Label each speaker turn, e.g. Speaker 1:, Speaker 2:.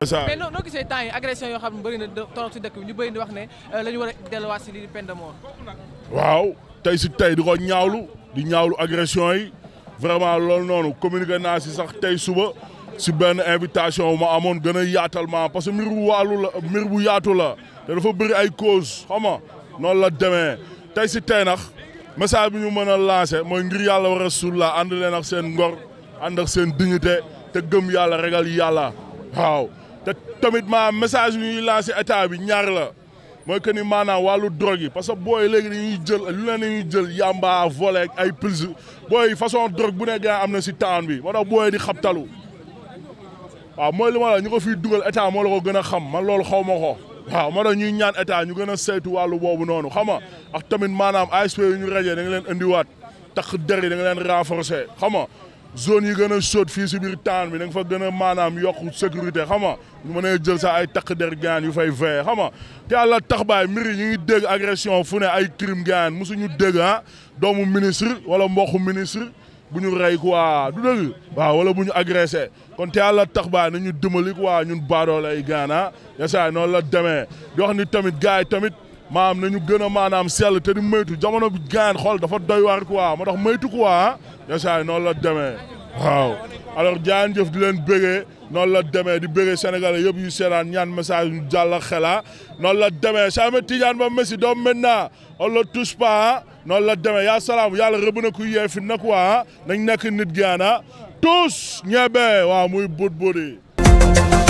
Speaker 1: mais noo noo gisee temps yi agression xam ne bëri na trop si ñu bëri wax ne euh, la ñu war a delluwaat si lii waaw tey si tey di ko ñaawlu di ñaawlu agression yi vraiment loolu noonu communiqué naa sax tey suba si benn invitation ma amoon gën a yaatal ma parce que mbir bu wàllu la mbir bu yaatu la te dafa bëri ay cause xam nga noonu la demee tey si tey nax message bi ñu mën a lancé mooy ngir yàlla war a suul la ànd leen ak seen ngor ànd ak seen dignité te gëm yàlla regal yàlla waaw. te tamit maa message yu ñuy lancé état bi ñaar la mooy que ni maanaam wàllu drogue yi parce que booy léegi dañuy jël lu ne dañuy jël yamba volé ak ay pils booy façon drogue bu ne gaa am na si taan bi moo tax booy di xabtalu waaw mooy li ma la ñu ko fiy dugal état moo la ko gën a xam man loolu xaw ko waaw moo ñu ñaan état ñu gën a saytu wàllu boobu noonu xam nga ak tamit maanaam ASP yu ñu rajee da nga leen indiwaat takk der yi da nga leen renforcer xam nga zone yi gën a chaude fii si biir taan bi da nga fa gën a maanaam yokk sécurité xam nga mën a jël sax ay takk der gaan yu fay veillé xam nga te yàlla tax baay mbir yi ñu ngi dégg agression fu ne ay crime gaan mosuñu dégg ah? doomu ministre wala mboqu ministre bu ñu rey quoi du dëgg waaw wala bu ñu agressé kon te yàlla tax baay nañu dimbali waa ñun baadool ay gaan ah yasaay noon la demee di wax ni tamit gars yi tamit na ñu gën a maanaam sell te di maytu jamono bi gaan xool dafa doy waar quoi moo tax moytu quoi ah? yesaay noonu la demee waaw alors jaan jëf di leen bégee noonu la demee di bégee senegal yëpp yu seeraan ñaan message yu la xelaa ah. noonu la demee saame Tidiane ba Messi doom maintenant on le touche pas ah. noonu la demee yaa salaam yàlla rëbb na ku yee fi nag waa nekk nit gaana ah. tous ñebe waaw muy bud budi